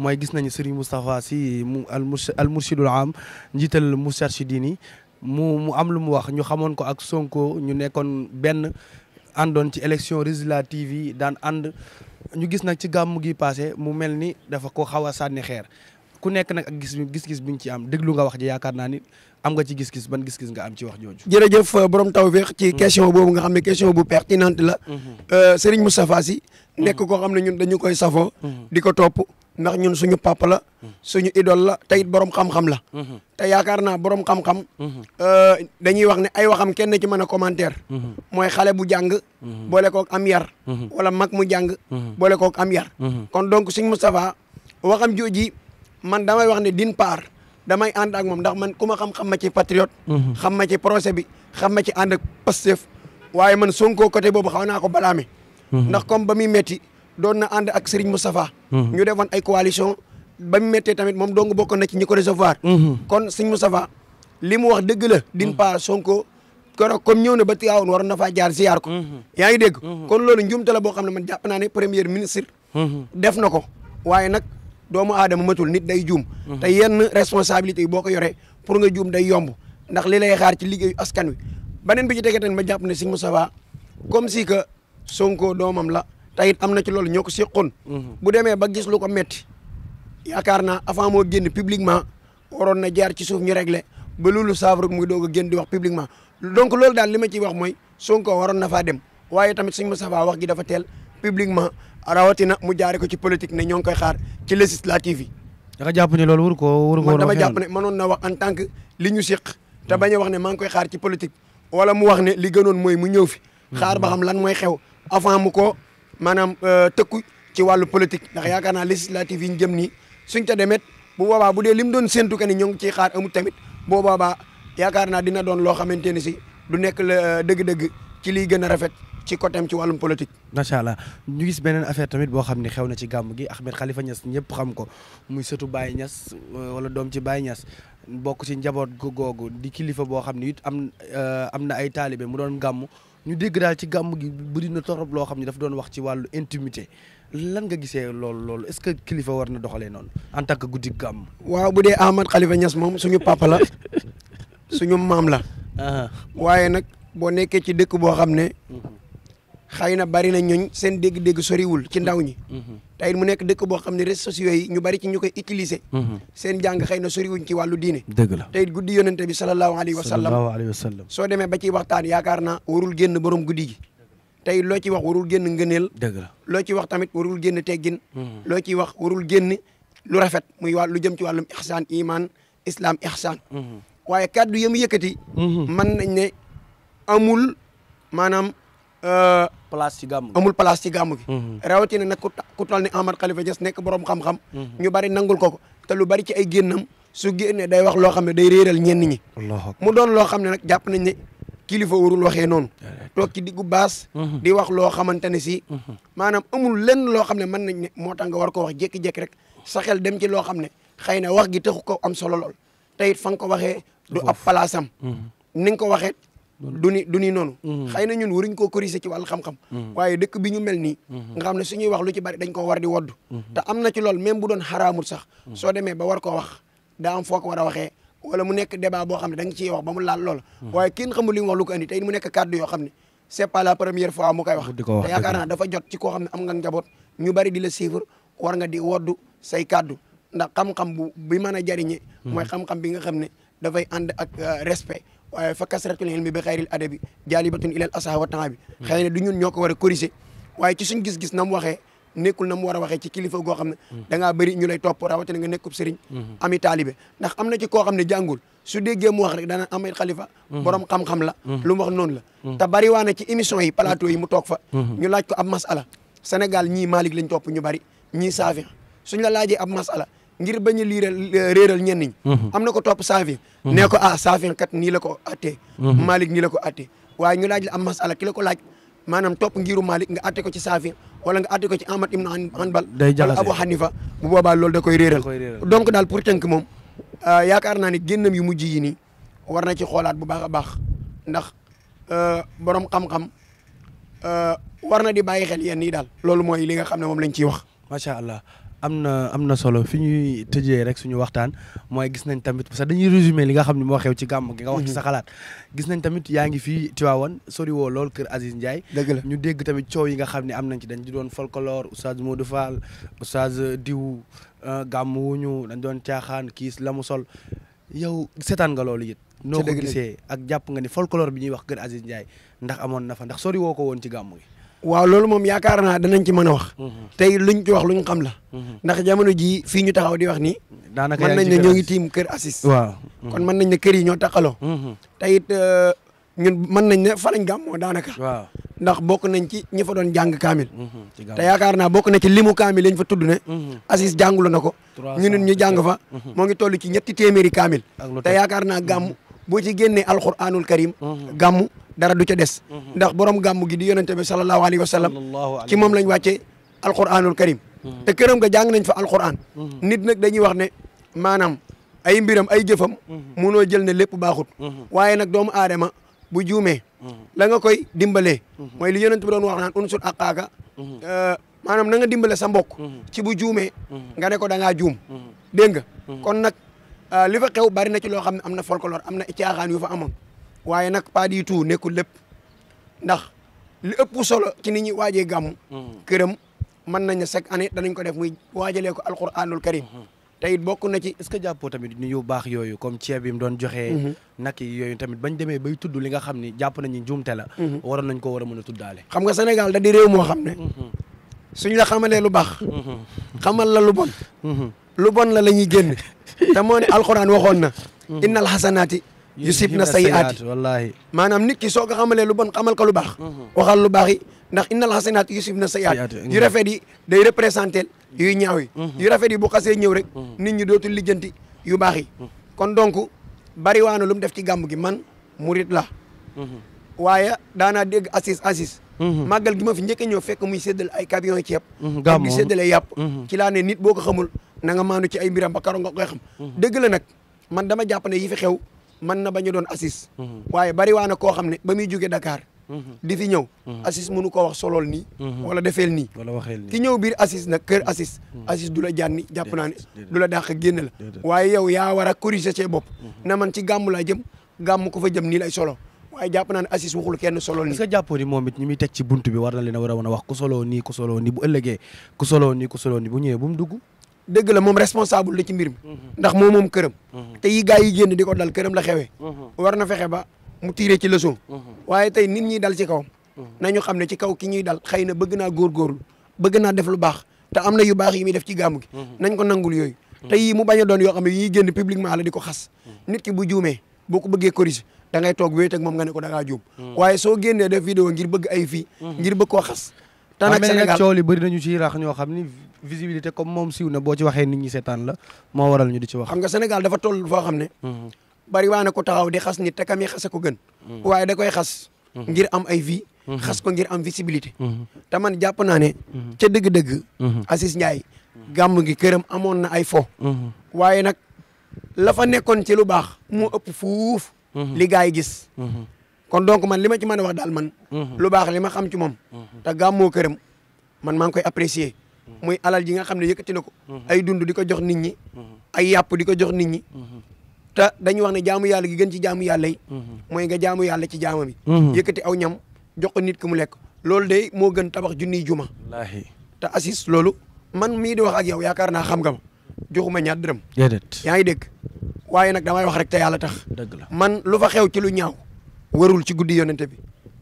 moy gis nañu Serigne mustapha si mu al mursidul am njital Moustarchidine mu mu am lu mu wax ñu xamone ko ak Sonko ñu nekkon ben andon ci election législative dan and ñu gis nak ci gamu gi passé mu melni dafa ko xawa sanni xeer ku nekk nak gis gis-gis bi ci am deglu nga wax ji yakar na ni am nga ci gis-gis ban gis-gis nga am ci wax jooju. jërëjëf euh, borom tawféex ci mm-hmm. question bobu nga xam question bu pertinente la. Mm-hmm. Euh, Serigne mustapha si mm-hmm. nek ko xam ñun dañu koy safoo. di ko ndax ñun suñu papa la suñu idole la te it borom xam-xam la mm-hmm. te yaakaar naa borom xam-xam mm-hmm. euh, dañuy wax ne ay waxam kenn ci mën a commentaire mm-hmm. mooy xale bu jàng boole kook am yar wala mag mu jàng boole kook am yar kon donc suñ Moustapha waxam jooji man damay wax ne din part damay ànd ak moom ndax man ku ma xam-xam ma ci patriote xam ma ci procès bi xam ma ci ànd ak Pastef waaye man Sonko côté boobu xaw naa ko balaame ndax comme ba muy metti doon na ànd ak Serigne Moustapha mhm. ñu defon ay coalition bam metté tamit mom dong bokk na ci ñi ko mhm. kon Serigne Moustapha limu wax deug la din mhm. part Sonko keroog comme ñew na ba Tiwaawoon war na fa jaar ziar ko yaay deug kon lolu njuumte la bo xam man japp na né premier ministre def nako ko nak, doomu adam matul nit day jum, te yenn responsabilité yi boo ko pour nga joom day yomb ndax li lay xaar ci liggéeyu askan wi banen bi ci tégué tamit ma japp né Serigne Moustapha comme si que Sonko domam la tayit amna ci lolou ñoko sekkon mhm. bu demee ba gis lu ko metti yakarna avant mo genn publiquement waron na jaar ci suuf ñu régler ba lolou savre mu doog genn di wax publiquement donc lolou dal lima ci wax moy Sonko waron na fa dem waye tamit seigne Moustapha wax gi dafa tel publiquement rawatina mu jaar ko ci politique ne ñong koy xaar ci législative yi. da nga jàpp ne loolu ko koo ko dama japp ne manon na wax en tant que li ñu séq te mhm. wax ne maa koy xaar ci politique wala mu wax ne li gënoon moy mu ñëw fi. Mhm. xaar ba xam lan moy xew avant mu ko maanaam euh, tëkku ci wàllu politique ndax yaakaar naa législative yi ñu jëm nii suñ ca demet bu boobaa bu dee lim doon séntu que ni ñoo ngi ciy xaar amut tamit boo boobaa yakaar naa dina doon loo xamante ni si du nekk la euh, dëgg-dëgg ci liy gën a rafet ci côté ci wàllum politique. macha allah ñu gis beneen affaire tamit boo xam ni xew na ci gàmm gi Ahmed Khalifa Niass ñëpp xam ko muy sëtu baay ñas euh, wala doom ci baay Niass bokk ci njaboot googu di kilifa boo xam ne it am am na ay taalibe mu doon gàmm. ñu dégg daal ci gàmm gi bëri na torop loo xam ne dafa doon wax ci wàllu intimité lan nga gisee lool loolu est-ce que kilifa war na doxalee noonu en tant que guddi gàmm. waaw bu dee Ahmad Khalifa Niass moom suñu papa la suñu maam la. Ah. waaye nag boo nekkee ci dëkk boo xam ne. Mm-hmm. xëy na bari na ñooñ seen dégg-dégg soriwul ci ndaw ñi mhm. te it mu nekk dëkk boo xam ne réseaux sociaux bari ci ñu koy utiliser mhm. seen jàng xëy na soriwuñ ci wàllu diine dëgg la te it guddi yonente bi sallallahu alayhi wa sallam soo demee ba ciy waxtaan yaakaar naa warul génn borom guddi gi tey loo ci wax warul génn ngëneel dëgg la loo ci wax tamit warul génn teggin mhm. loo ciy wax warul génn lu rafet muy wàllu ci wàllum ihsaan iman islam ihsaan waaye kàddu yamu yëkkati mën nañ ne amul Euh, place ci gàmm gi amul place ci gàmm gi. Mhm. rawatina nag ku toll ni Ahmad Khalifa Niass nekk borom xam-xam. Mhm. ñu bari nangul ko ko te lu bari ci ay génnam su génnee day wax loo xam ne day réeral ñenn ñi. mu doon loo xam ne nag jàpp nañ ne kilifa warul waxee noonu. toog ci diggu baas. Mhm. di wax loo xamante ne si. maanaam amul lenn loo xam ne mën nañ ne moo tanga nga war ko wax jékki-jékki rek sa dem ci loo xam ne xëy na wax gi taxu ko am solo lool te it fa nga ko waxee. du ab palaasam. ni nga ko waxee Duni duni du ni mhm. ñun waruñ ko corriger ci wàllu xam-xam mhm. waye dekk bi ñu melni mhm. nga xamne suñuy wax lu ci bari dañ ko war di wodd ta amna ci lool même bu doon haramul sax so démé ba war ko wax da am foko wara waxé wala mu nekk débat bo xamne ne ci wax ba mu laal lool waye kenn xamul li mu wax lu ko andi tay mu nekk kàddu yo xamne c'est pas la première fois mu koy wax yaakaar na dafa jot ci ko xamne am nga njabot ñu bari di la suivre war nga di wodd say kàddu ndax xam-xam bu bi mëna moy xam-xam bi nga xamne da fay and ak euh, respect waaye fa kasratul ilmi bi xayril adabi jaalibatun ilal asaa wa temps bi na du ñun ñoo ko war a corriger waaye ci suñ gis-gis na mu waxee nekkul na mu war a waxee ci kilifa goo xam ne da bëri ñu lay topp rawatina nga nekkub sëriñ ami taalibe ndax am na ci koo xam ne jàngul su déggee mu wax rek dana amay xalifa borom xam-xam la lu mu wax noonu la te bari waa na ci émission yi plateau yi mu toog fa ñu laaj ko ab masala Sénégal ñii Malick lañ topp ñu bari ñii Saafi suñ la laajee ab masala ngir bañ a liiral réeral ñenn ñi mhm. ko top safi mhm. ne ko ah saafin kat ni la ko attee mhm. Malick nii la ko attee waaye ñu laaj la am masala ki la ko laaj manam top ngiru malik nga até ko ci saafin wala nga até ko ci Ahmad Ibn Hanbal Abu Hanifa bu boba lol da koy reral donc dal pour tënk mom euh, yaakar na ni gennam yu mujj yi war na ci xolaat bu baaxa baax ndax euh, borom xam-xam euh, war na di baye xel yéen nii dal lolou moy li nga xamne mom lañ ci wax macha allah am na am na solo fi ñuy tëjee rek suñu waxtaan mooy gis nañ tamit parce que dañuy résumer li nga xam ne moo xew ci gàmm gi nga wax ci sa mhm. xalaat gis nañ tamit yaa ngi fii Tiwaawan sori woo lool kër Aziz Ndiaye dëgg la ñu dégg tamit coow yi nga xam ne am nañ ci dañ di doon folklore oustaz Modou Fall oustaz euh, diw euh, gàmm wuñu dañ doon caaxaan kiis la mu sol yow seetaan nga loolu it noo ko gisee ak jàpp nga ni folklore bi ñuy wax kër Aziz Ndiaye ndax amoon na fa ndax sori woo ko woon ci gàmm gi waaw loolu moom yaakaar naa danañ ci mën a wax. Mhm. tey luñ ci wax luñ xam la. Mhm. ndax jamono ji fi ñu taxaw di wax ni mën nañ ne ñoo ngi tiim kër Assis. waaw kon mën nañ ne kër yi ñoo taxaloo. Mhm. tey it euh, ñun mën nañ ne fa lañ gàmmoo daanaka. waaw ndax bokk nañ ci ñi fa doon jàng kaamil. te yaakaar naa bokk na ci limu kaamil lañ fa tudd ne. Assis jàngulu na ko. ñu ñun ñu jàng fa. moo ngi toll ci ñetti téeméeri kaamil. te yaakaar naa gàmm boo ci génnee karim gamu. dara du ca des mhm. ndax boroom gàmm gi di yonente bi sallallahu alayhi wa sallam ci moom lañ wàcce alquranul karim mhm. te këram nga jàng nañ fa alquran mhm. nit nag dañuy wax ne maanaam ay mbiram ay jëfam munoo jël ne lépp baaxut waaye nag doomu aadama bu juumee la nga koy dimbale mooy li yonent bi doon wax naan unsur aqaaka euh, maanaam na nga dimbale sa mbokk ci bu juume nga ne ko da juum dégg nga kon nag euh, li fa bari na ci loo xam ne am na folklore am na caaxaan yu fa amoon waaye nag pas du tout nekkul lépp ndax li ëpp solo ci ni ñuy waajee gàmm. Mm-hmm. këram mën nañ ne chaque danañ ko def muy waajalee ko alquranul karim. Mm-hmm. te it bokk na ci. est ce que jàppoo tamit yu baax yooyu comme ceeb bi mu doon joxe. Mm-hmm. nak yi yooyu tamit bañ demee bay tudd li nga xam ni jàpp nañu njuumte la. waroon nañ ko war a mën a tuddaale. xam nga Sénégal da di réew moo xam ne. suñ la xamalee lu baax. xamal la lu bon. lu bon la la ñuy génn. te moo ne alxuraan waxoon na. innal xasanaati. yusib na sayiaati wallahi maanaam nit ki soo ko xamalee lu bon xamal ko lu baax mm-hmm. waxal lu baax yi ndax innal xasanaat yusib na sayiaat yu rafet yi day représenté yuy ñaaw yi mm-hmm. yu rafet yi bu xasee ñëw rek mm-hmm. nit ñi dootul lijjanti yu baax yi kon donc bari waana lu mu def ci gàmm gi man murit la waaye daanaa dégg assis assis màggal gi ma fi njëkk a ñëw fekk muy séddale ay camion yi ceeb ak di séddale yàpp ci laa nit boo ko xamul na nga maanu ci ay mbiram ba karo nga koy xam la nag man dama jàpp ne yi fi xew man na bañ a doon Aziz mhm. waaye bari waa na koo xam ne ba muy jóge dakaar mhm. di fi ñëw mhm. Aziz mënu ko wax solool nii wala defeel nii ki ñëw biir Aziz nag kër Aziz Aziz du la jànni jàpp naa ne du la dàq génn la waaye yow yaa war a corriger bopp na man ci gàmm laa jëm gàmm ko nii lay solo naa ne Aziz waxul kenn solo nii est moom it ñi muy teg ci buntu bi war na leen a war a mën a wax ku solo nii ku solo nii bu ëllëgee ku solo nii ku solo nii bu ñëwee bu mu dugg deug la mom responsable la ci mbir mi. Mhm. ndax mom mom kërëm mhm. té yi gaay yi génn di ko dal kërëm la xewé mhm. war na fexe ba mu tiré ci leçon. wayé tay nit ñi dal ci kaw nañu xamné ne ci kaw ki ñuy dal bëgg na gor gor bëgg na def lu bax té amna yu bax yi mi def ci gamu gi. nañ ko nangul yoy té yi mu baña doon yo xamné ne yii publiquement la di ko nit ki bu juumee boo bëggé corriger da ngay tok wéet ak mom nga ne ko da nga joom wayé so génnee def vidéo ngir bëgg ay fi ngir bëgg ko xass te nag Sénégal coow li bari nañu ci rax ño xamni visibilité comme moom siiw na boo ci waxee nit ñi seetaan la moo waral ñu di ci wax. xam nga Sénégal dafa toll foo xam ne. Mm-hmm. bari waa na ko taxaw di xas nit te kam yi xase ko gën. Mm-hmm. waaye da koy xas. Mm-hmm. ngir am ay vie. xas ko ngir am visibilité. te man jàpp naa ne. ca dëgg-dëgg. Aziz Ndiaye. gàmm gi këram amoon na ay fo. waaye nag la fa nekkoon ci lu baax moo ëpp fuuf. li yi gis. kon donc man li ma ci mën a wax daal man. lu baax li ma xam ci moom. te gàmmoo këram man maa ngi koy apprécier. muy alal ji nga xam ne yëkkati ne ko. Mm-hmm. ay dund di ko jox nit ñi. Mm-hmm. ay yàpp di ko jox nit ñi. Mm-hmm. te dañuy wax ne jaamu yàlla gi gën ci jaamu yàlla mooy nga jaamu yàlla ci jaama bi. yëkkati aw ñam jox ko nit ki mu lekk. loolu de moo gën tabax junniy juma. wallaahi te Aziz loolu man mii di wax ak yow yaakaar naa xam nga ma joxuma ñaar dërëm. déedéet yaa ngi dégg. waaye nag damay wax rek te yàlla tax. dëgg la man lu fa xew ci lu ñaaw. warul ci guddi yonente bi.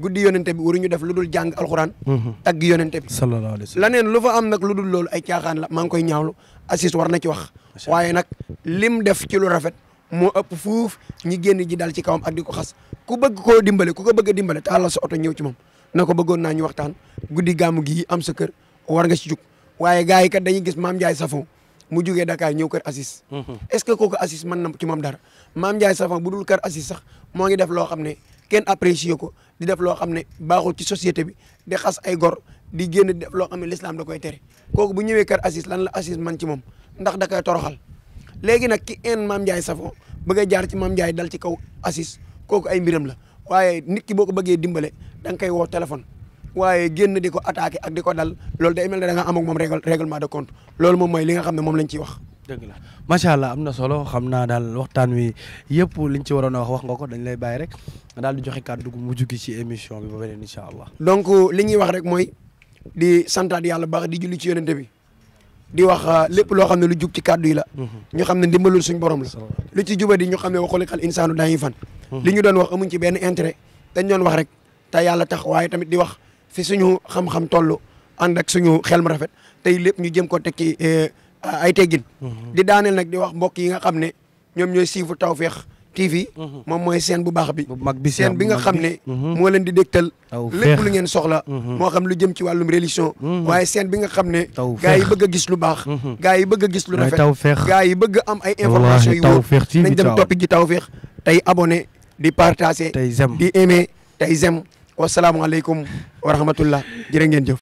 guddi yonente bi waruñu def lu dul jàng alxuraan. Mhm. tagg yonente bi. sallallahu alayhi wa sallam laneen lu fa am nag lu dul loolu ay caaxaan la maa ngi koy ñaawlu Aziz war na ci wax. waaye nag lim def ci lu rafet. moo ëpp fuuf ñi génn ji daal ci kawam ak di ko xas ku bëgg koo dimbale ku ko bëgg a dimbale taalal sa oto ñëw ci moom na ko bëggoon naa ñu waxtaan guddi gàmmu gi am sa kër war nga si jug waaye gars yi kat dañuy gis maam Ndiaye Safo mu jugee Dakar ñëw kër Assis. Mhm. est-ce que kooku Assis mën na ci moom dara maam Ndiaye Savon bu dul kër Assis sax moo ngi def loo xam ne kenn apprécier ko di def loo xam ne baaxul ci société bi di xas ay gor di génn def loo xam ne l'islam da koy tere kooku bu ñëwee kër Assis lan la Assis man ci moom ndax da koy toroxal léegi nag ki en maam Ndiaye Savon bëgg a jaar ci maam Ndiaye dal ci kaw Assis kooku ay mbiram la waaye nit ki boo ko bëggee dimbale da nga koy woo téléphone. waaye génn di ko attaqué a di ko dal loolu day mel ne da nga am ak moom règlement de compte loolu moom mooy li xam ne moom lañ wax. dëgg la macha allah am na solo xam naa daal waxtaan wi yëpp liñ ci waroon a wax wax nga ko dañ lay bàyyi rek nga daal di joxe kàddu gu mujj gi ci émission bi ba beneen incha allah. donc li wax rek mooy di santaat yàlla baax di julli ci yonent bi di wax euh, lépp loo xam ne lu jub ci kàddu yi la. Mhm. ñu xam ne ndimbalul suñu borom la. lu ci juba di xam ne wa xuliqal insaanu da'iifan. Mhm. li ñu doon wax amuñ ci wax rek te yàlla waaye tamit di wax. fi suñu xam-xam toll ànd ak suñu xel mu rafet tey lépp ñu jëm ko teg ci eh, ay tegin mhm. di daaneel nag di wax mbokk yi nga xam ne ñoom ñooy siifu Tawfekh TV. Mhm. moom mooy seen bu baax bi. mag bi seen bi nga xam ne. Mhm. moo leen di dégtal. lépp lu ngeen soxla. moo xam lu jëm ci wàllum religion. waaye seen bi nga xam ne. gaa yi gis lu baax. gaa yi bëgg a gis lu rafet gaa yi bëgg am ay information yu wóor nañ dem toppi ji Tawfekh tey abonné di partager. di aimer tey zem wasalaamaaleykum wa rahmatullah jërë ngeen jëf